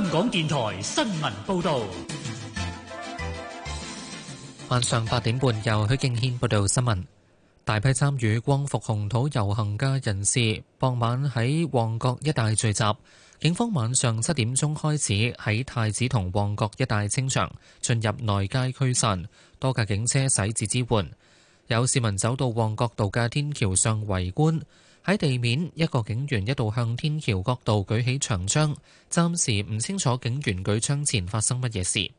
香港電台新聞報道，晚上八點半由許敬軒報道新聞。大批參與光復紅土遊行嘅人士，傍晚喺旺角一帶聚集。警方晚上七點鐘開始喺太子同旺角一帶清場，進入內街驅散。多架警車駛至支援，有市民走到旺角道嘅天橋上圍觀。喺地面，一個警員一度向天橋角度舉起長槍，暫時唔清楚警員舉槍前發生乜嘢事。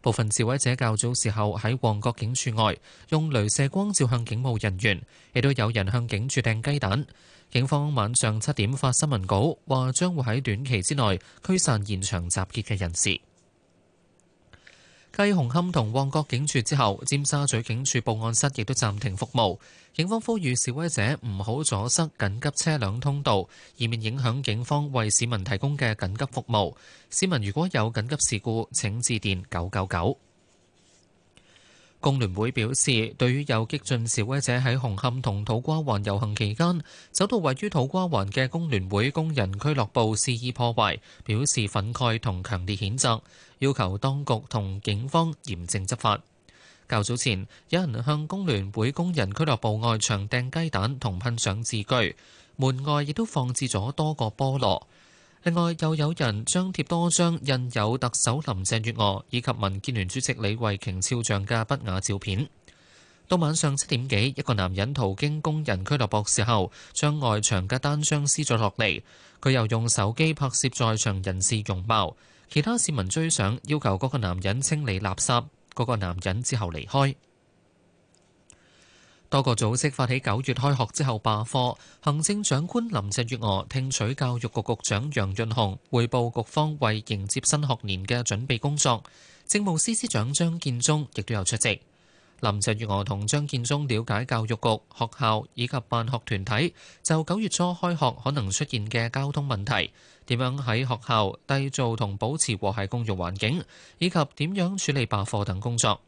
部分示威者較早時候喺旺角警署外用雷射光照向警務人員，亦都有人向警署掟雞蛋。警方晚上七點發新聞稿，話將會喺短期之內驅散現場集結嘅人士。繼紅磡同旺角警署之後，尖沙咀警署報案室亦都暫停服務。警方呼籲示威者唔好阻塞緊急車輛通道，以免影響警方為市民提供嘅緊急服務。市民如果有緊急事故，請致電九九九。工聯會表示，對於有激進示威者喺紅磡同土瓜灣遊行期間，走到位於土瓜灣嘅工聯會工人俱樂部肆意破壞，表示憤慨同強烈譴責。要求當局同警方嚴正執法。較早前，有人向工聯會工人俱樂部外牆掟雞蛋同噴上字句，門外亦都放置咗多個菠蘿。另外，又有人張貼多張印有特首林鄭月娥以及民建聯主席李慧瓊肖像嘅不雅照片。到晚上七點幾，一個男人途經工人俱樂部時候，將外牆嘅單張撕咗落嚟，佢又用手機拍攝在場人士容貌。其他市民追上要求嗰個男人清理垃圾，嗰個男人之後離開。多個組織發起九月開學之後罷課，行政長官林鄭月娥聽取教育局局長楊潤雄匯報局方為迎接新學年嘅準備工作，政務司司長張建宗亦都有出席。林鄭月娥同張建宗了解教育局、學校以及辦學團體就九月初開學可能出現嘅交通問題，點樣喺學校締造同保持和諧共融環境，以及點樣處理罷課等工作？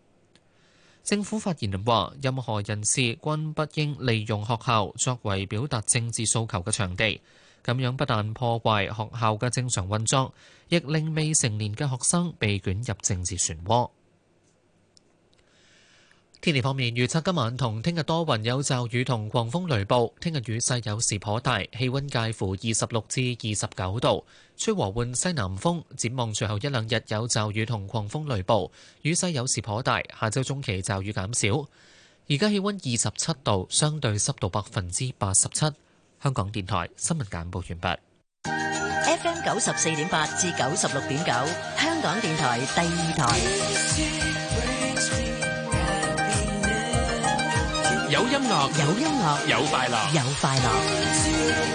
政府發言人話：任何人士均不應利用學校作為表達政治訴求嘅場地，咁樣不但破壞學校嘅正常運作，亦令未成年嘅學生被捲入政治漩渦。天氣方面，預測今晚同聽日多雲有驟雨同狂風雷暴，聽日雨勢有時頗大，氣溫介乎二十六至二十九度，吹和緩西南風。展望最後一兩日有驟雨同狂風雷暴，雨勢有時頗大，下周中期驟雨減少。而家氣溫二十七度，相對濕度百分之八十七。香港電台新聞簡報完畢。FM 九十四點八至九十六點九，香港電台第二台。有音樂，有音樂，有快樂，有快樂。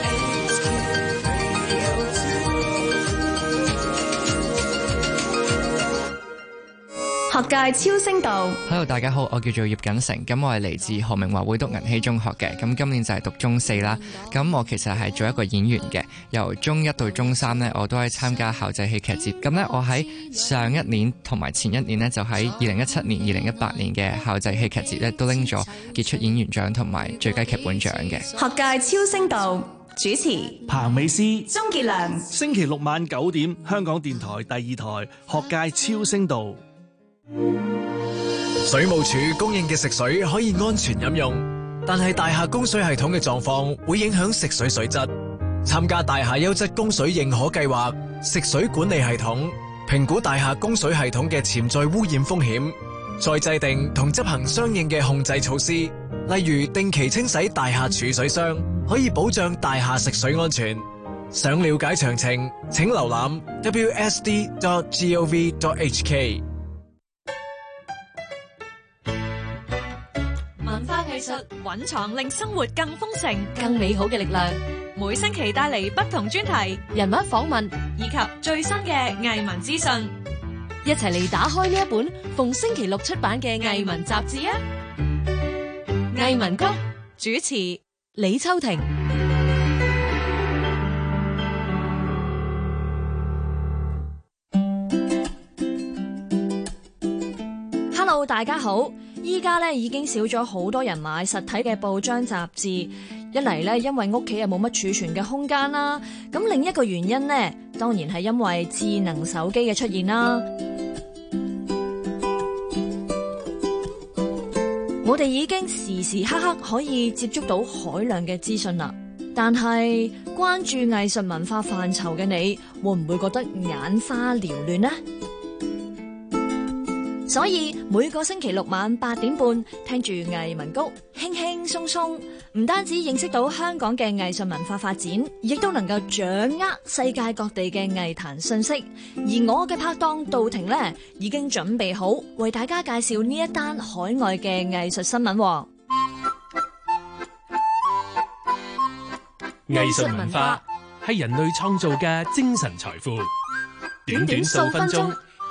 學界超聲道，h e l l o，大家好，我叫做葉錦成。咁我係嚟自何明華會讀銀禧中學嘅，咁今年就係讀中四啦，咁我其實係做一個演員嘅，由中一到中三呢，我都係參加校際戲劇節，咁呢，我喺上一年同埋前一年呢，就喺二零一七年、二零一八年嘅校際戲劇節咧，都拎咗傑出演員獎同埋最佳劇本獎嘅。學界超聲道主持彭美詩、鍾傑良，星期六晚九點，香港電台第二台，學界超聲道」。水務署供應嘅食水可以安全飲用，但係大廈供水系統嘅狀況會影響食水水質。參加大廈優質供水認可計劃，食水管理系統評估大廈供水系統嘅潛在污染風險，再制定同執行相應嘅控制措施，例如定期清洗大廈儲水箱，可以保障大廈食水安全。想了解詳情，請瀏覽 wsd.gov.hk。實蘊藏令生活更豐盛、更美好嘅力量。每星期帶嚟不同專題、人物訪問以及最新嘅藝文資訊，一齊嚟打開呢一本逢星期六出版嘅藝文雜誌啊！藝文谷主持李秋婷。Hello，大家好。依家咧已經少咗好多人買實體嘅報章雜誌，一嚟咧因為屋企又冇乜儲存嘅空間啦，咁另一個原因呢，當然係因為智能手機嘅出現啦。 我哋已經時時刻刻可以接觸到海量嘅資訊啦，但係關注藝術文化範疇嘅你會唔會覺得眼花繚亂呢？所以每個星期六晚八點半，聽住藝文谷，輕輕鬆鬆，唔單止認識到香港嘅藝術文化發展，亦都能夠掌握世界各地嘅藝壇信息。而我嘅拍檔杜婷呢，已經準備好為大家介紹呢一單海外嘅藝術新聞。藝術文化係人類創造嘅精神財富，短短數分鐘，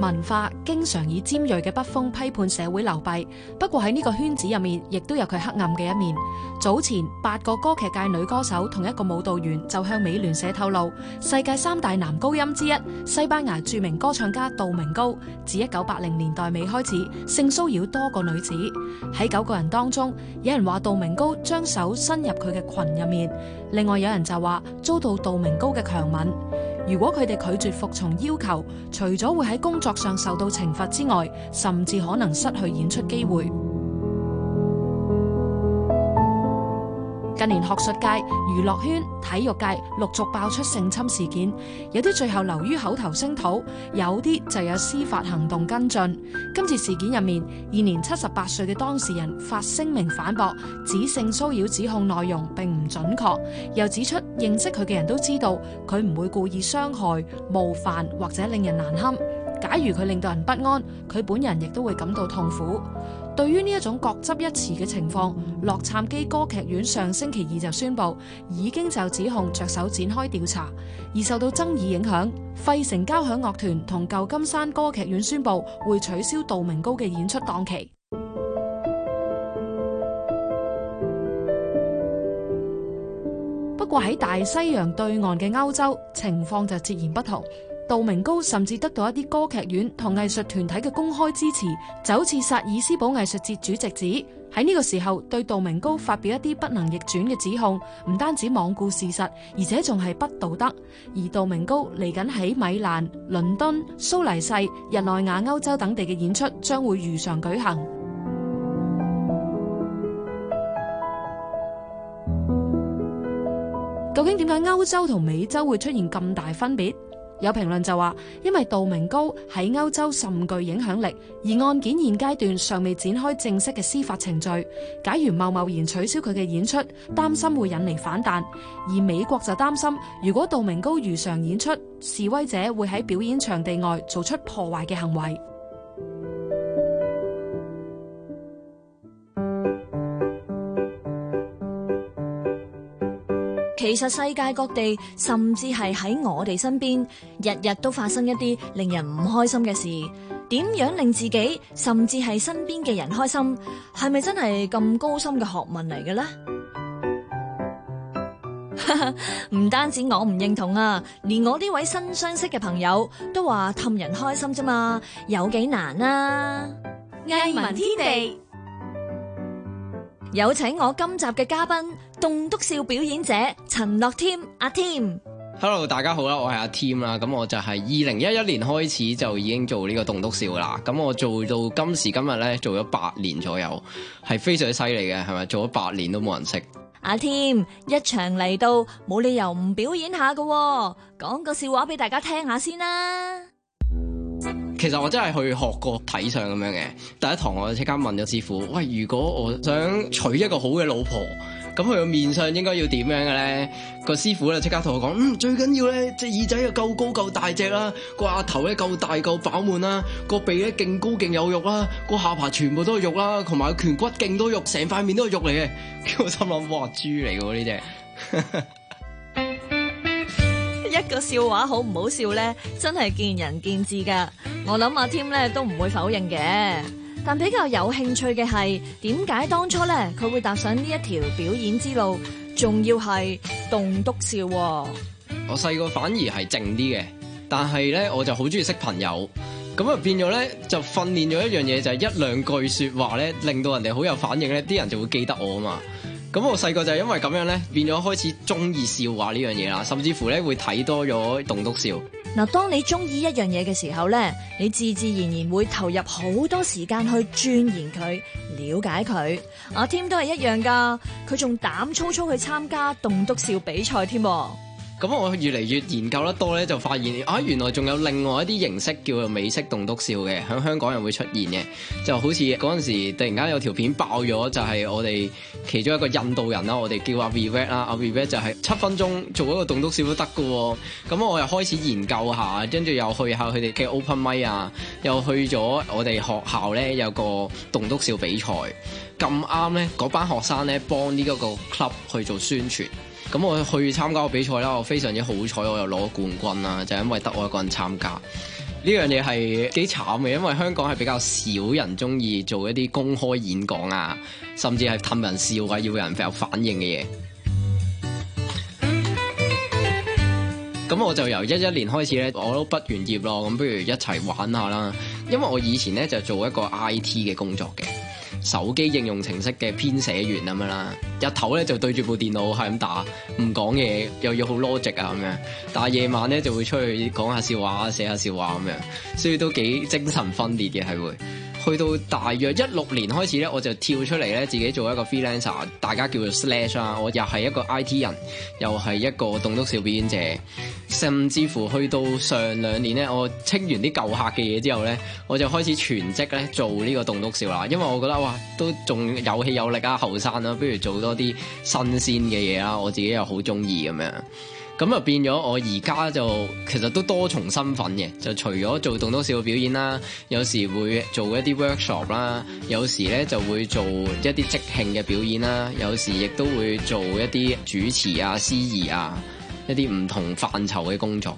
文化經常以尖銳嘅筆鋒批判社會流弊，不過喺呢個圈子入面，亦都有佢黑暗嘅一面。早前八個歌劇界女歌手同一個舞蹈員就向美聯社透露，世界三大男高音之一、西班牙著名歌唱家杜明高，自一九八零年代尾開始性騷擾多個女子。喺九個人當中，有人話杜明高將手伸入佢嘅裙入面，另外有人就話遭到杜明高嘅強吻。如果佢哋拒絕服從要求，除咗會喺工作上受到懲罰之外，甚至可能失去演出機會。近年學術界、娛樂圈、體育界陸續爆出性侵事件，有啲最後流於口頭聲討，有啲就有司法行動跟進。今次事件入面，現年七十八歲嘅當事人發聲明反駁，指性騷擾指控內容並唔準確，又指出認識佢嘅人都知道佢唔會故意傷害、冒犯或者令人難堪。假如佢令到人不安，佢本人亦都會感到痛苦。對於呢一種各執一詞嘅情況，洛杉磯歌劇院上星期二就宣布已經就指控着手展開調查，而受到爭議影響，費城交響樂團同舊金山歌劇院宣布會取消杜明高嘅演出檔期。不過喺大西洋對岸嘅歐洲，情況就截然不同。杜明高甚至得到一啲歌劇院同藝術團體嘅公開支持，就好似薩爾斯堡藝術節主席指喺呢個時候對杜明高發表一啲不能逆轉嘅指控，唔單止罔顧事實，而且仲係不道德。而杜明高嚟緊喺米蘭、倫敦、蘇黎世、日內瓦、歐洲等地嘅演出將會如常舉行。 究竟點解歐洲同美洲會出現咁大分別？有評論就話，因為杜明高喺歐洲甚具影響力，而案件現階段尚未展開正式嘅司法程序，假如貿貿然取消佢嘅演出，擔心會引嚟反彈；而美國就擔心，如果杜明高如常演出，示威者會喺表演場地外做出破壞嘅行為。其實世界各地，甚至係喺我哋身邊，日日都發生一啲令人唔開心嘅事。點樣令自己，甚至係身邊嘅人開心，係咪真係咁高深嘅學問嚟嘅呢？唔單止我唔認同啊，連我呢位新相識嘅朋友都話氹人開心啫嘛，有幾難啊？藝文天地。有請我今集嘅嘉賓，棟篤笑表演者陳樂添阿 Tim。Hello，大家好啦，我係阿 Tim 啦。咁我就係二零一一年開始就已經做呢個棟篤笑啦。咁我做到今時今日咧，做咗八年左右，係非常犀利嘅，係咪做咗八年都冇人識？阿 Tim，一場嚟到，冇理由唔表演下噶喎，講個笑話俾大家聽下先啦。其實我真係去學過睇相咁樣嘅，第一堂我即刻問咗師傅，喂，如果我想娶一個好嘅老婆，咁佢個面相應該要點樣嘅咧？個師傅咧即刻同我講，嗯，最緊要咧隻耳仔又夠高夠大隻啦，個額頭咧夠大夠飽滿啦，個鼻咧勁高勁有肉啦，個下巴全部都係肉啦，同埋個顴骨勁多肉，成塊面都係肉嚟嘅。叫我心諗，哇，豬嚟嘅呢隻！ 笑話好唔好笑咧，真係見仁見智噶。我諗阿添咧都唔會否認嘅。但比較有興趣嘅係，點解當初咧佢會踏上呢一條表演之路，仲要係棟篤笑喎？我細個反而係靜啲嘅，但係咧我就好中意識朋友，咁啊變咗咧就訓練咗一樣嘢，就係一兩句說話咧，令到人哋好有反應咧，啲人就會記得我啊嘛。咁我細個就係因為咁樣咧，變咗開始中意笑話呢樣嘢啦，甚至乎咧會睇多咗棟篤笑。嗱，當你中意一樣嘢嘅時候咧，你自自然然會投入好多時間去鑽研佢、了解佢。阿 Tim 都係一樣噶，佢仲膽粗粗去參加棟篤笑比賽添。咁我越嚟越研究得多咧，就發現啊，原來仲有另外一啲形式叫做美式棟篤笑嘅，喺香港又會出現嘅，就好似嗰陣時突然間有條片爆咗，就係、是、我哋其中一個印度人啦，我哋叫阿 Vivet 啦。阿 Vivet 就係七分鐘做一個棟篤笑都得嘅喎。咁我又開始研究下，跟住又去下佢哋嘅 open mic 啊，又去咗我哋學校咧有個棟篤笑比賽，咁啱咧嗰班學生咧幫呢一個 club 去做宣傳。咁我去參加個比賽啦，我非常之好彩，我又攞冠軍啦，就因為得我一個人參加。呢樣嘢係幾慘嘅，因為香港係比較少人中意做一啲公開演講啊，甚至係氹人笑啊，要人有反應嘅嘢。咁 我就由一一年開始咧，我都畢完業咯，咁不如一齊玩下啦。因為我以前咧就做一個 I T 嘅工作嘅。手機應用程式嘅編寫員咁樣啦，日頭咧就對住部電腦係咁打，唔講嘢，又要好 logic 啊咁樣，但係夜晚咧就會出去講下笑話，寫下笑話咁樣，所以都幾精神分裂嘅係會。去到大約一六年開始咧，我就跳出嚟咧，自己做一個 freelancer，大家叫做 slash 啦。我又係一個 IT 人，又係一個棟篤笑表演者，甚至乎去到上兩年咧，我清完啲舊客嘅嘢之後咧，我就開始全職咧做呢個棟篤笑啦，因為我覺得哇，都仲有氣有力啊，後生啦，不如做多啲新鮮嘅嘢啦，我自己又好中意咁樣。咁就變咗，我而家就其實都多重身份嘅，就除咗做棟篤笑嘅表演啦，有時會做一啲 workshop 啦，有時咧就會做一啲即興嘅表演啦，有時亦都會做一啲主持啊、司儀啊，一啲唔同範疇嘅工作。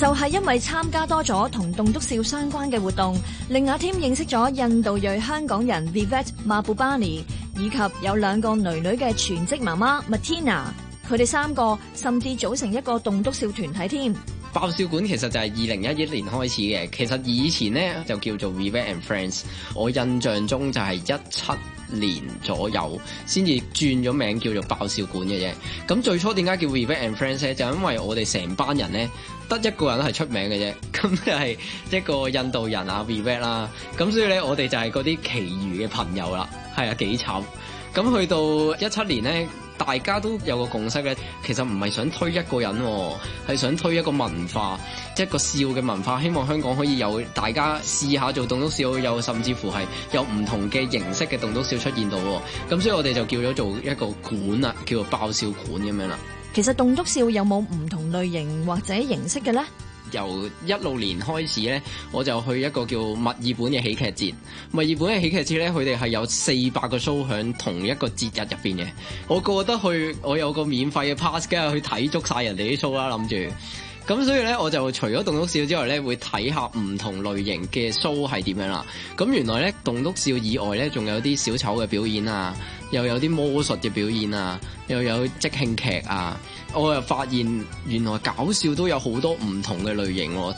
就係因為參加多咗同棟篤笑相關嘅活動，令阿 Tim 認識咗印度裔香港人 Vivette 馬布巴尼，以及有兩個女女嘅全職媽媽 Matina。佢哋三個甚至組成一個棟篤笑團體添。爆笑館其實就係二零一一年開始嘅，其實以前咧就叫做 Vivek and Friends。我印象中就係一七年左右先至轉咗名叫做爆笑館嘅啫。咁最初點解叫 Vivek and Friends 咧？就因為我哋成班人咧得一個人係出名嘅啫，咁就係一個印度人啊 Vivek 啦。咁、啊、所以咧我哋就係嗰啲其餘嘅朋友啦。係啊，幾慘。咁去到一七年咧。大家都有個共識咧，其實唔係想推一個人喎，係想推一個文化，即係一個笑嘅文化。希望香港可以有大家試下做棟篤笑，有甚至乎係有唔同嘅形式嘅棟篤笑出現到喎。咁所以我哋就叫咗做一個館啊，叫做爆笑館咁樣啦。其實棟篤笑有冇唔同類型或者形式嘅咧？由一六年開始咧，我就去一個叫墨爾本嘅喜劇節。墨爾本嘅喜劇節咧，佢哋係有四百個 show 喺同一個節日入邊嘅。我覺得去，我有個免費嘅 pass，梗係去睇足晒人哋啲 show 啦，諗住。咁所以咧，我就除咗棟篤笑之外咧，會睇下唔同類型嘅 show 係點樣啦。咁原來咧，棟篤笑以外咧，仲有啲小丑嘅表演啊，又有啲魔術嘅表演啊，又有即興劇啊。我又發現原來搞笑都有好多唔同嘅類型喎啊。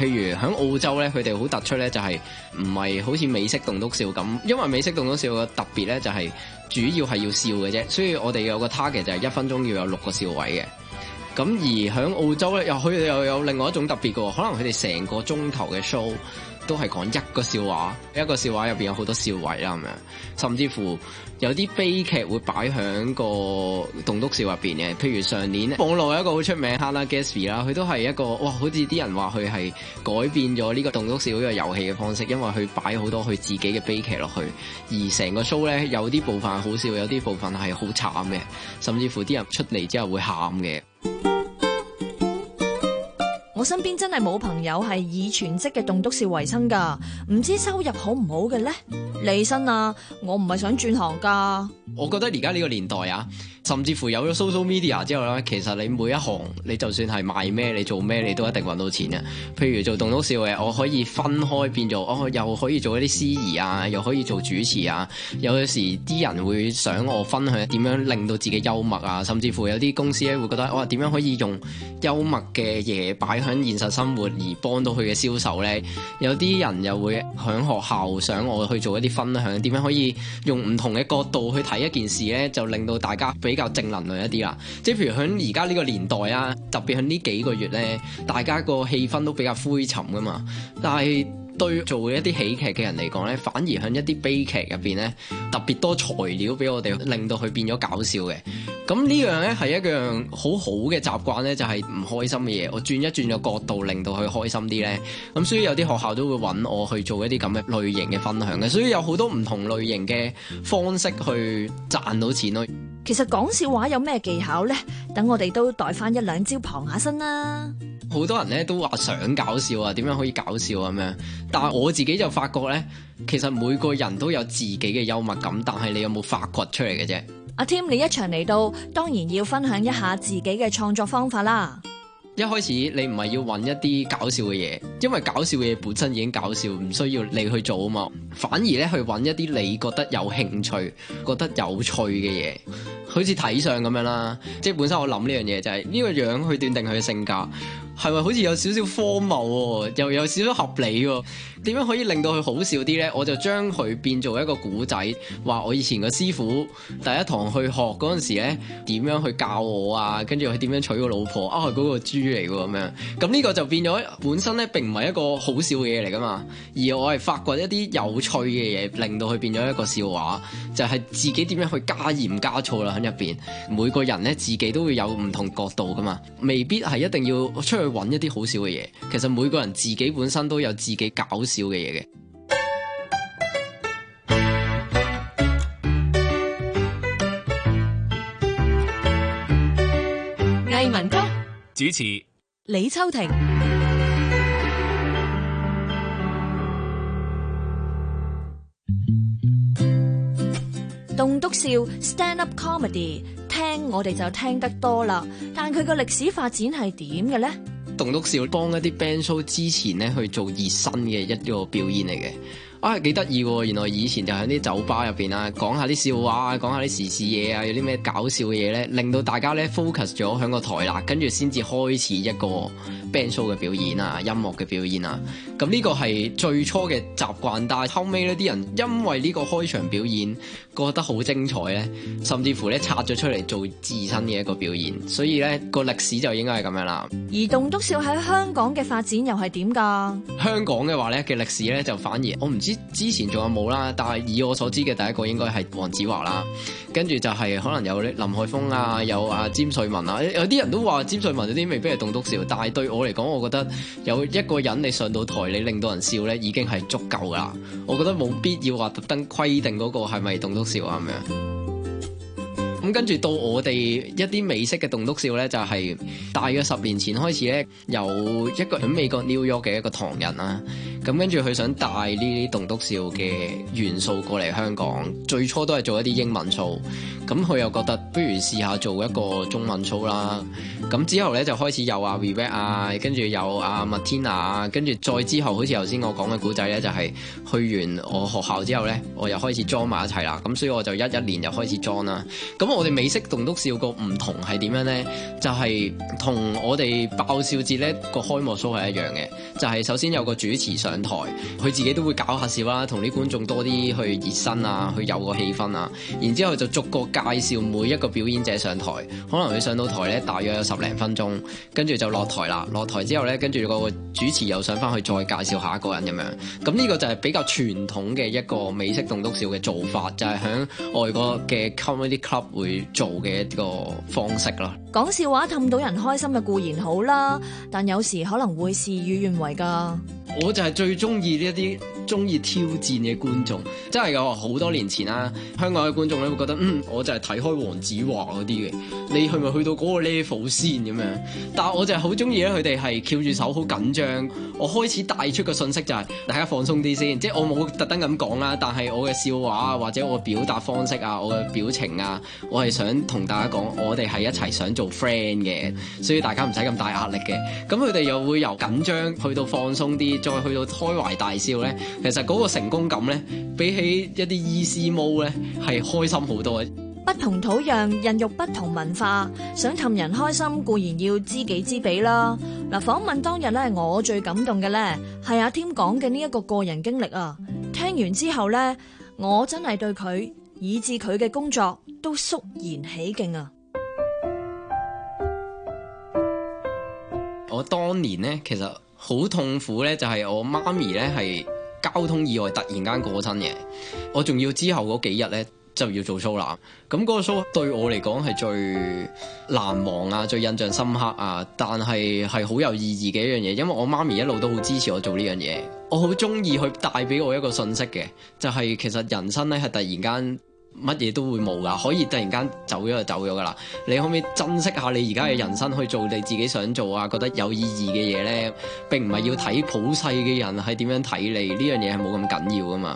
譬如喺澳洲咧，佢哋好突出咧，就係唔係好似美式棟篤笑咁？因為美式棟篤笑嘅特別咧，就係、係、主要係要笑嘅啫。所以我哋有個 target 就係一分鐘要有六個笑位嘅。咁而喺澳洲咧，又佢又有另外一種特別嘅喎。可能佢哋成個鐘頭嘅 show 都係講一個笑話，一個笑話入邊有好多笑位啦。咁樣甚至乎有啲悲劇會擺喺個棟篤笑入邊嘅。譬如上年網絡有一個好出名，Hannah Gadsby 啦，佢都係一個哇，好似啲人話佢係改變咗呢個棟篤笑呢個遊戲嘅方式，因為佢擺好多佢自己嘅悲劇落去，而成個 show 咧有啲部分係好笑，有啲部分係好慘嘅，甚至乎啲人出嚟之後會喊嘅。我身邊真係冇朋友係以全職嘅棟篤笑為生噶，唔知收入好唔好嘅呢？李生啊，我唔係想轉行噶，我覺得而家呢個年代啊。甚至乎有咗 social media 之後咧，其實你每一行你就算係賣咩，你做咩你都一定搵到錢嘅。譬如，做棟篤笑嘅，我可以分開變做，哦，又可以做一啲司儀啊，又可以做主持啊。有時啲人會想我分享點樣令到自己幽默啊，甚至乎有啲公司咧會覺得哇，點樣可以用幽默嘅嘢擺響現實生活而幫到佢嘅銷售咧。有啲人又會響學校想我去做一啲分享，點樣可以用唔同嘅角度去睇一件事咧，就令到大家比。比較正能量一啲啦，即係譬如喺而家呢個年代啊，特別喺呢幾個月呢，大家個氣氛都比較灰沉噶嘛。但係對做一啲喜劇嘅人嚟講呢，反而喺一啲悲劇入邊呢，特別多材料俾我哋令到佢變咗搞笑嘅。咁呢樣呢，係一樣好好嘅習慣呢，就係唔開心嘅嘢，我轉一轉個角度，令到佢開心啲呢。咁所以有啲學校都會揾我去做一啲咁嘅類型嘅分享嘅，所以有好多唔同類型嘅方式去賺到錢咯。其實講笑話有咩技巧呢？等我哋都代翻一兩招傍下身啦。好多人咧都話想搞笑啊，點樣可以搞笑啊咁樣？但係我自己就發覺咧，其實每個人都有自己嘅幽默感，但係你有冇發掘出嚟嘅啫？阿 Tim，你一場嚟到，當然要分享一下自己嘅創作方法啦。一開始你唔係要搵一啲搞笑嘅嘢，因為搞笑嘅嘢本身已經搞笑，唔需要你去做啊嘛。反而咧去搵一啲你覺得有興趣、覺得有趣嘅嘢，好似睇相咁樣啦。即係本身我諗呢樣嘢就係呢個樣去斷定佢嘅性格。係咪好似有少少荒謬喎？又有少少合理喎？點樣可以令到佢好笑啲呢？我就將佢變做一個古仔，話我以前個師傅第一堂去學嗰陣時呢，點樣去教我啊？跟住佢點樣娶個老婆啊？嗰個豬嚟喎咁樣。咁呢個就變咗本身呢，並唔係一個好笑嘅嘢嚟噶嘛。而我係發掘一啲有趣嘅嘢，令到佢變咗一個笑話，就係自己點樣去加鹽加醋啦，喺入邊。每個人呢，自己都會有唔同角度噶嘛，未必係一定要出去。去揾一啲好笑嘅嘢，其實每個人自己本身都有自己搞笑嘅嘢嘅。藝文谷主持李秋婷。棟篤笑 stand up comedy，聽我哋就聽得多啦，但佢個歷史發展係點嘅咧？棟篤笑幫一啲 band show 之前呢去做熱身嘅一個表演嚟嘅。啊，幾得意喎！原來以前就喺啲酒吧入邊啊，講下啲笑話啊，講下啲時事嘢啊，有啲咩搞笑嘅嘢咧，令到大家咧 focus 咗喺個台啦，跟住先至開始一個 band show 嘅表演啊，音樂嘅表演啊。咁呢個係最初嘅習慣，但係後尾呢啲人因為呢個開場表演覺得好精彩咧，甚至乎咧拆咗出嚟做自身嘅一個表演，所以咧個歷史就應該係咁樣啦。而棟篤笑喺香港嘅發展又係點㗎？香港嘅話咧嘅歷史咧就反而我唔。之前仲有冇啦？但係以我所知嘅第一個應該係黃子華啦，跟住就係可能有林海峰啊，有啊詹瑞文啊，有啲人都話詹瑞文嗰啲未必係棟篤笑，但係對我嚟講，我覺得有一個人你上到台你令到人笑呢已經係足夠㗎啦。我覺得冇必要話特登規定嗰個係咪棟篤笑啊咁樣。是咁跟住到我哋一啲美式嘅棟篤笑咧，就係、是、大約十年前開始咧，有一個喺美國 New York 嘅一個唐人啦、啊。咁跟住佢想帶呢啲棟篤笑嘅元素過嚟香港，最初都係做一啲英文 show 咁，佢又覺得不如試下做一個中文 show 啦。咁之後咧就開始有阿 Vivek 啊，跟住有阿 Matina 啊，跟住再之後好似頭先我講嘅古仔咧，就係、是、去完我學校之後咧，我又開始裝埋一齊啦。咁所以我就一一年就開始裝啦。咁我哋美式棟篤笑個唔同係點樣呢？就係、是、同我哋爆笑節咧個開幕 show 係一樣嘅，就係、是、首先有個主持上台，佢自己都會搞下笑啦，同啲觀眾多啲去熱身啊，去有個氣氛啊。然之後就逐個介紹每一個表演者上台，可能佢上到台呢，大約有十零分鐘，跟住就落台啦。落台之後呢，跟住個主持又上翻去再介紹下一個人咁樣。咁呢個就係比較傳統嘅一個美式棟篤笑嘅做法，就係、是、喺外國嘅 comedy club 會。去做嘅一個方式咯，講笑話氹到人開心嘅固然好啦，但有時可能會事與願違噶。我就係最中意呢一啲。中意挑戰嘅觀眾，真係有好多年前啦。香港嘅觀眾咧會覺得，嗯，我就係睇開黃子華嗰啲嘅。你去咪去到嗰個 level 先咁樣？但係我就係好中意咧，佢哋係翹住手好緊張。我開始帶出個訊息就係，大家放鬆啲先。即係我冇特登咁講啦，但係我嘅笑話啊，或者我嘅表達方式啊，我嘅表情啊，我係想同大家講，我哋係一齊想做 friend 嘅，所以大家唔使咁大壓力嘅。咁佢哋又會由緊張去到放鬆啲，再去到開懷大笑咧。其實嗰個成功感咧，比起一啲 ECMO 咧，係開心好多啊！不同土壤孕育不同文化，想氹人開心固然要知己知彼啦。嗱，訪問當日咧，我最感動嘅咧，係阿添講嘅呢一個個人經歷啊！聽完之後咧，我真係對佢以至佢嘅工作都肅然起敬啊！我當年咧，其實好痛苦咧，就係我媽咪咧係。交通意外突然間過身嘅，我仲要之後嗰幾日呢，就要做騷啦，咁、那、嗰個騷對我嚟講係最難忘啊、最印象深刻啊，但係係好有意義嘅一樣嘢，因為我媽咪一路都好支持我做呢樣嘢，我好中意佢帶俾我一個信息嘅，就係、是、其實人生呢係突然間。乜嘢都會冇噶，可以突然間走咗就走咗噶啦。你可唔可以珍惜下你而家嘅人生，去做你自己想做啊，覺得有意義嘅嘢呢？並唔係要睇普世嘅人係點樣睇你，呢樣嘢係冇咁緊要噶嘛。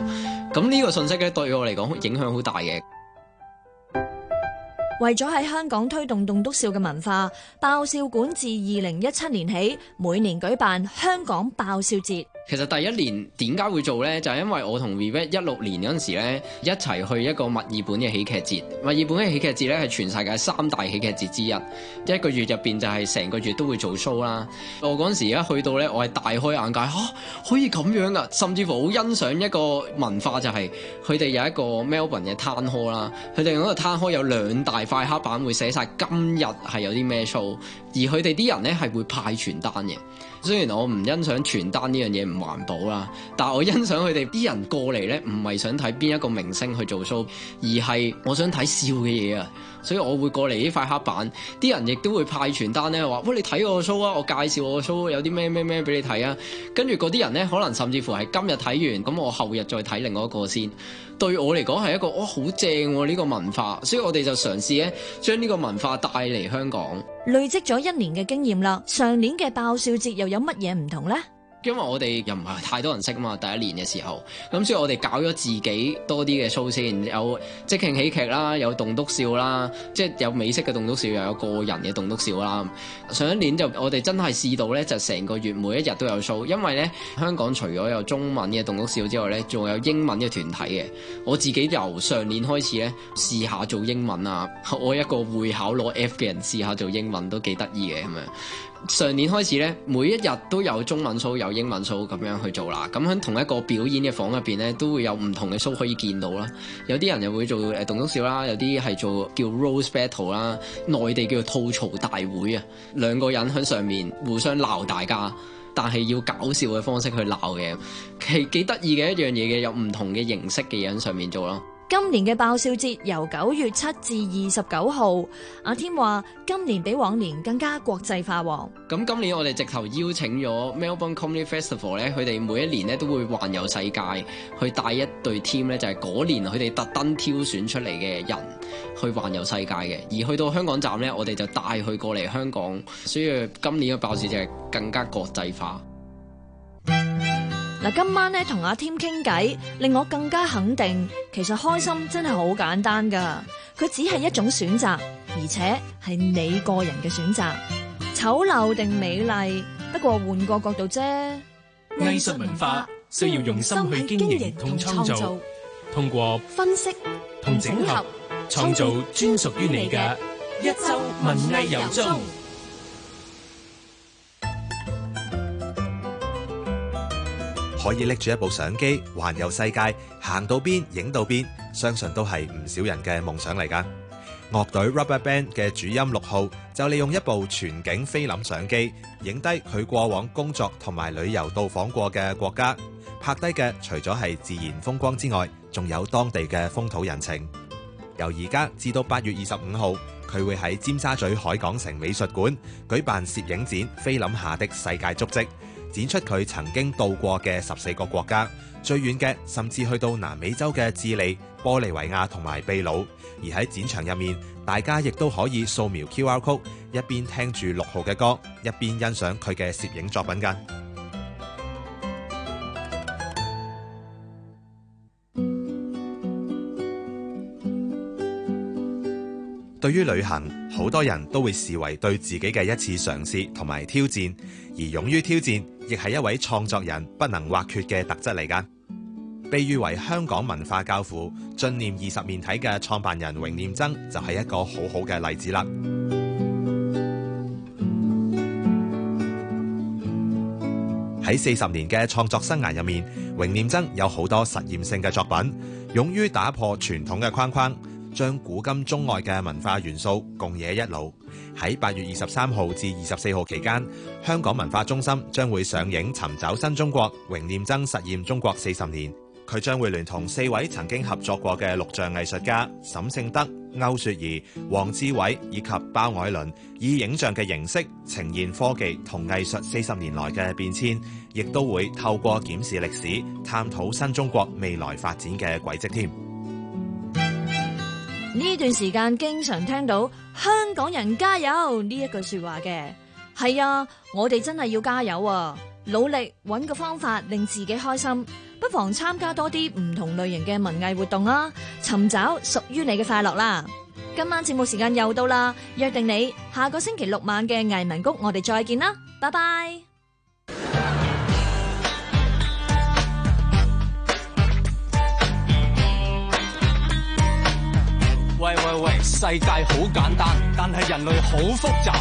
咁呢個信息咧，對我嚟講影響好大嘅。為咗喺香港推動棟篤笑嘅文化，爆笑館自二零一七年起每年舉辦香港爆笑節。其實第一年點解會做呢？就係、是、因為我同 v i v e t 一六年嗰陣時呢，一齊去一個墨爾本嘅喜劇節。墨爾本嘅喜劇節呢，係全世界三大喜劇節之一，一個月入邊就係成個月都會做 show 啦。我嗰陣時一去到呢，我係大開眼界嚇、啊，可以咁樣噶，甚至乎好欣賞一個文化就係佢哋有一個 Melbourne 嘅 Town Hall 啦。佢哋嗰個 Town Hall 有兩大塊黑板會寫晒「今日係有啲咩 show」。而佢哋啲人呢，係會派傳單嘅，雖然我唔欣賞傳單呢樣嘢唔環保啦，但我欣賞佢哋啲人過嚟呢，唔係想睇邊一個明星去做 show，而係我想睇笑嘅嘢啊，所以我會過嚟呢塊黑板，啲人亦都會派傳單呢，話喂你睇我個 show 啊，我介紹我個 show 有啲咩咩咩俾你睇啊，跟住嗰啲人呢，可能甚至乎係今日睇完，咁我後日再睇另外一個先。對我嚟講係一個，哇，好正喎呢個文化，所以我哋就嘗試咧將呢個文化帶嚟香港。累積咗一年嘅經驗啦，上年嘅爆笑節又有乜嘢唔同呢？因為我哋又唔係太多人識啊嘛，第一年嘅時候，咁所以我哋搞咗自己多啲嘅 show 先，有即興喜劇啦，有棟篤笑啦，即係有美式嘅棟篤笑，又有，有個人嘅棟篤笑啦。上一年就我哋真係試到呢，就成個月每一日都有 show，因為呢香港除咗有中文嘅棟篤笑之外呢，仲有英文嘅團體嘅。我自己由上年開始呢，試下做英文啊，我一個會考攞 F 嘅人試下做英文都幾得意嘅咁樣。上年開始咧，每一日都有中文 show 有英文 show 咁樣去做啦。咁喺同一個表演嘅房入邊咧，都會有唔同嘅 show 可以見到啦。有啲人又會做誒、欸、棟篤笑啦，有啲係做叫 Rose Battle 啦，內地叫做吐槽大會啊。兩個人喺上面互相鬧大家，但係要搞笑嘅方式去鬧嘅，係幾得意嘅一樣嘢嘅，有唔同嘅形式嘅嘢喺上面做咯。今年嘅爆笑節由九月七至二十九號，阿添話今年比往年更加國際化喎。王咁今年我哋直頭邀請咗 Melbourne Comedy Festival 咧，佢哋每一年咧都會環遊世界，去帶一隊 team 咧就係、是、嗰年佢哋特登挑選出嚟嘅人去環遊世界嘅，而去到香港站咧，我哋就帶佢過嚟香港，所以今年嘅爆笑節更加國際化。嗱，今晚咧同阿添傾偈，令我更加肯定，其實開心真係好簡單噶。佢只係一種選擇，而且係你個人嘅選擇。醜陋定美麗，不過換個角度啫。藝術文化，文化需要用心去經營同創造，創造通過分析同整合，創造，創造專屬於你嘅一周文藝遊蹤。可以拎住一部相機環遊世界，行到邊影到邊，相信都係唔少人嘅夢想嚟㗎。樂隊 Rubberband 嘅主音六號就利用一部全景菲林相機，影低佢過往工作同埋旅遊到訪過嘅國家，拍低嘅除咗係自然風光之外，仲有當地嘅風土人情。由而家至到八月二十五號，佢會喺尖沙咀海港城美術館舉辦攝影展《菲林下的世界足跡》。展出佢曾經到過嘅十四個國家，最遠嘅甚至去到南美洲嘅智利、玻利維亞同埋秘魯。而喺展場入面，大家亦都可以掃描 QR Code，一邊聽住六號嘅歌，一邊欣賞佢嘅攝影作品。間 對於旅行。好多人都會視為對自己嘅一次嘗試同埋挑戰，而勇於挑戰亦係一位創作人不能或缺嘅特質嚟噶。被譽為香港文化教父、進念二十面體嘅創辦人榮念曾就係一個好好嘅例子啦。喺四十年嘅創作生涯入面，榮念曾有好多實驗性嘅作品，勇於打破傳統嘅框框。將古今中外嘅文化元素共冶一路。喺八月二十三號至二十四號期間，香港文化中心將會上映《尋找新中國》，榮念曾實驗中國四十年。佢將會聯同四位曾經合作過嘅錄像藝術家沈聖德、歐雪怡、黃志偉以及包愛倫，以影像嘅形式呈現科技同藝術四十年來嘅變遷，亦都會透過檢視歷史，探討新中國未來發展嘅軌跡添。呢段時間經常聽到香港人加油呢一句說話嘅。係啊，我哋真係要加油啊！努力揾個方法令自己開心，不妨參加多啲唔同類型嘅文藝活動啦、啊，尋找屬於你嘅快樂啦！今晚節目時間又到啦，約定你下個星期六晚嘅藝文谷，我哋再見啦，拜拜。喂喂喂，世界好簡單，但係人類好複雜，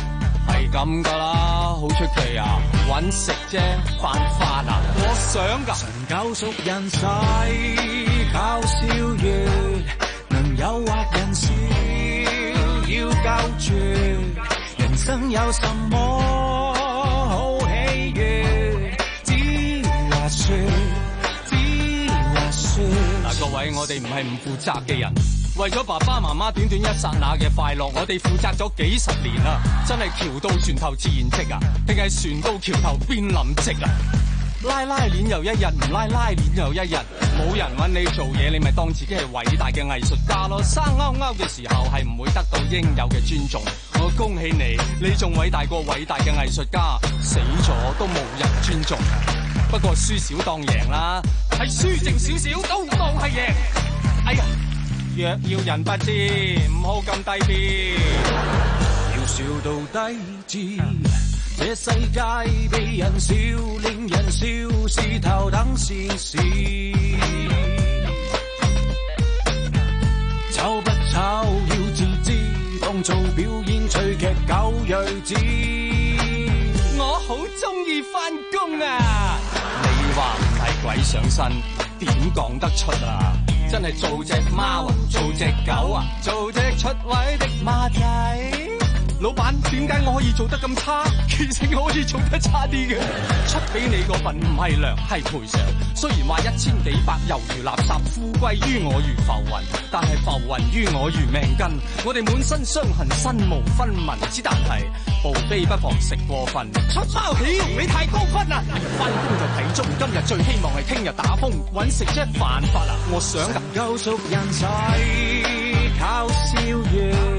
係咁噶啦，好出奇啊！揾食啫，犯法啊！我想噶。純教俗人世靠笑語，能誘惑人是要狡絕。人生有什麼好喜悅？只話說，只話說。嗱，各位，我哋唔係唔負責嘅人。為咗爸爸媽媽短短一剎那嘅快樂，我哋負責咗幾十年啊！真係橋到船頭自然直啊，定係船到橋頭變臨直啊！拉拉鏈又一日，唔拉拉鏈又一日，冇人揾你做嘢，你咪當自己係偉大嘅藝術家咯！生勾勾嘅時候係唔會得到應有嘅尊重，我恭喜你，你仲偉大過偉大嘅藝術家，死咗都冇人尊重。不過輸少當贏啦，係輸剩少少都當係贏。若要人不知，唔好咁低 B。要笑到低智，這世界被人笑，令人笑是頭等善事。醜不醜要自知，當做表演趣劇狗瑞子。我好中意返工啊！你話唔係鬼上身，點講得出啊？真係做隻貓啊，做隻狗啊，做隻出位的馬仔。老闆，點解我可以做得咁差？其實我可以做得差啲嘅。 出俾你嗰份唔係糧，係賠償。雖然話一千幾百猶如垃，垃圾，富貴於我如浮雲，但係浮雲於我如命根。我哋滿身傷痕，身無分文，之但係暴卑不妨食過分。 出包起你太高分啦！返工就睇足，今日最希望係聽日打風揾食啫，犯法啊！ 我想救熟人仔靠笑月。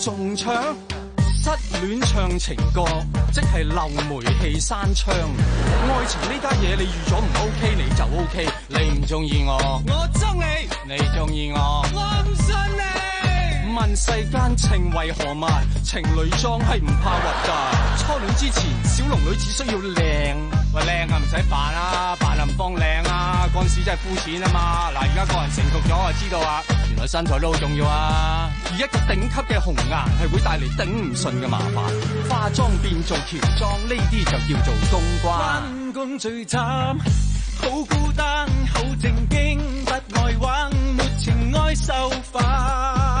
仲唱，失戀唱情歌，即係漏煤氣閂窗。愛情呢家嘢，你預咗唔 OK，你就 OK。你唔中意我，我憎你；你中意我，我唔信你。問世間情為何物？情侶裝係唔怕核突。初戀之前，小龍女只需要靚。喂靚啊，唔使扮啊，扮林芳靚啊，陣時、啊啊、真係膚淺啊嘛。嗱，而家個人成熟咗我知道啊，原來身材都好重要啊。而一個頂級嘅紅顏係會帶嚟頂唔順嘅麻煩。化妝變做喬裝，呢啲就叫做冬瓜。」「返工最慘，好孤單，好正經，不愛玩，沒情愛受化。」